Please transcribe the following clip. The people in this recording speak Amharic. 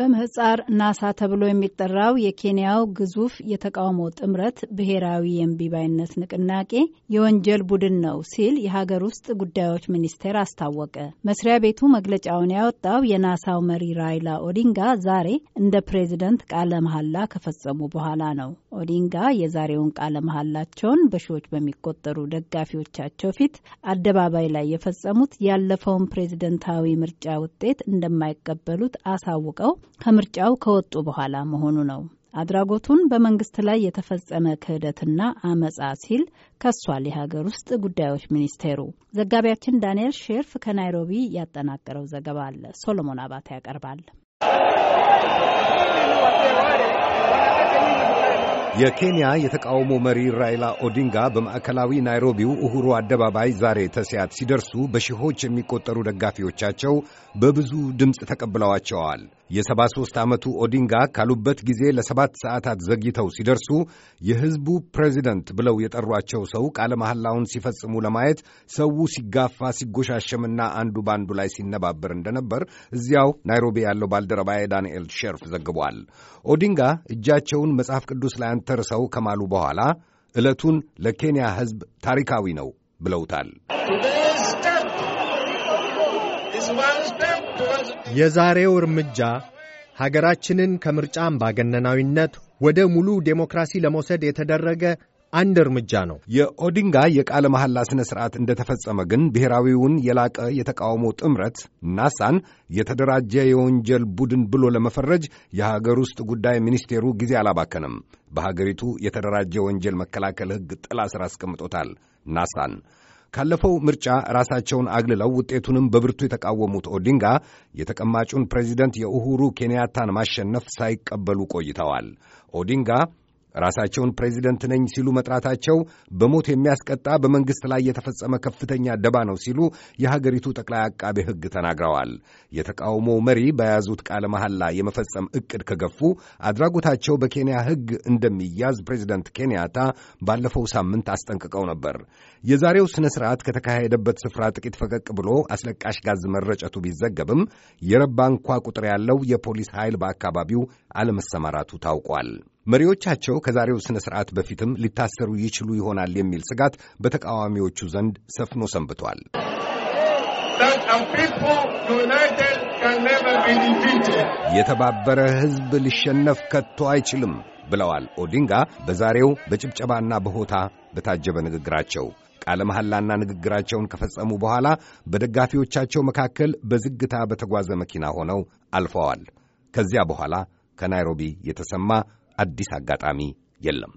በምህጻር ናሳ ተብሎ የሚጠራው የኬንያው ግዙፍ የተቃውሞ ጥምረት ብሔራዊ የእምቢባይነት ንቅናቄ የወንጀል ቡድን ነው ሲል የሀገር ውስጥ ጉዳዮች ሚኒስቴር አስታወቀ። መስሪያ ቤቱ መግለጫውን ያወጣው የናሳው መሪ ራይላ ኦዲንጋ ዛሬ እንደ ፕሬዝደንት ቃለ መሐላ ከፈጸሙ በኋላ ነው። ኦዲንጋ የዛሬውን ቃለ መሐላቸውን በሺዎች በሚቆጠሩ ደጋፊዎቻቸው ፊት አደባባይ ላይ የፈጸሙት ያለፈውን ፕሬዝደንታዊ ምርጫ ውጤት እንደማይቀበሉት አሳውቀው ከምርጫው ከወጡ በኋላ መሆኑ ነው። አድራጎቱን በመንግስት ላይ የተፈጸመ ክህደትና አመጻ ሲል ከሷል የሀገር ውስጥ ጉዳዮች ሚኒስቴሩ። ዘጋቢያችን ዳንኤል ሼርፍ ከናይሮቢ ያጠናቀረው ዘገባ አለ። ሶሎሞን አባተ ያቀርባል። የኬንያ የተቃውሞ መሪ ራይላ ኦዲንጋ በማዕከላዊ ናይሮቢው እሁሩ አደባባይ ዛሬ ተስያት ሲደርሱ በሺዎች የሚቆጠሩ ደጋፊዎቻቸው በብዙ ድምፅ ተቀብለዋቸዋል። የ73 ዓመቱ ኦዲንጋ ካሉበት ጊዜ ለሰባት ሰዓታት ዘግይተው ሲደርሱ የሕዝቡ ፕሬዚደንት ብለው የጠሯቸው ሰው ቃለ መሐላውን ሲፈጽሙ ለማየት ሰው ሲጋፋ ሲጎሻሸምና አንዱ በአንዱ ላይ ሲነባበር እንደነበር እዚያው ናይሮቢ ያለው ባልደረባዬ ዳንኤል ሸርፍ ዘግቧል። ኦዲንጋ እጃቸውን መጽሐፍ ቅዱስ ላይ ፕሬዚዳንት ተርሰው ከማሉ በኋላ ዕለቱን ለኬንያ ሕዝብ ታሪካዊ ነው ብለውታል። የዛሬው እርምጃ ሀገራችንን ከምርጫ አምባገነናዊነት ወደ ሙሉ ዴሞክራሲ ለመውሰድ የተደረገ አንድ እርምጃ ነው። የኦዲንጋ የቃለ መሐላ ሥነ ሥርዓት እንደተፈጸመ ግን ብሔራዊውን የላቀ የተቃውሞ ጥምረት ናሳን የተደራጀ የወንጀል ቡድን ብሎ ለመፈረጅ የሀገር ውስጥ ጉዳይ ሚኒስቴሩ ጊዜ አላባከንም። በሀገሪቱ የተደራጀ ወንጀል መከላከል ሕግ ጥላ ሥር አስቀምጦታል ናሳን ካለፈው ምርጫ ራሳቸውን አግልለው ውጤቱንም በብርቱ የተቃወሙት ኦዲንጋ የተቀማጩን ፕሬዚደንት የኡሁሩ ኬንያታን ማሸነፍ ሳይቀበሉ ቆይተዋል። ኦዲንጋ ራሳቸውን ፕሬዚደንት ነኝ ሲሉ መጥራታቸው በሞት የሚያስቀጣ በመንግሥት ላይ የተፈጸመ ከፍተኛ ደባ ነው ሲሉ የሀገሪቱ ጠቅላይ አቃቤ ሕግ ተናግረዋል። የተቃውሞው መሪ በያዙት ቃለ መሐላ የመፈጸም ዕቅድ ከገፉ አድራጎታቸው በኬንያ ሕግ እንደሚያዝ ፕሬዚደንት ኬንያታ ባለፈው ሳምንት አስጠንቅቀው ነበር። የዛሬው ሥነ ሥርዓት ከተካሄደበት ስፍራ ጥቂት ፈቀቅ ብሎ አስለቃሽ ጋዝ መረጨቱ ቢዘገብም የረባ እንኳ ቁጥር ያለው የፖሊስ ኃይል በአካባቢው አለመሰማራቱ ታውቋል። መሪዎቻቸው ከዛሬው ሥነ ሥርዓት በፊትም ሊታሰሩ ይችሉ ይሆናል የሚል ስጋት በተቃዋሚዎቹ ዘንድ ሰፍኖ ሰንብቷል። የተባበረ ሕዝብ ሊሸነፍ ከቶ አይችልም ብለዋል ኦዲንጋ በዛሬው በጭብጨባና በሆታ በታጀበ ንግግራቸው። ቃለ መሐላና ንግግራቸውን ከፈጸሙ በኋላ በደጋፊዎቻቸው መካከል በዝግታ በተጓዘ መኪና ሆነው አልፈዋል። ከዚያ በኋላ ከናይሮቢ የተሰማ አዲስ አጋጣሚ የለም።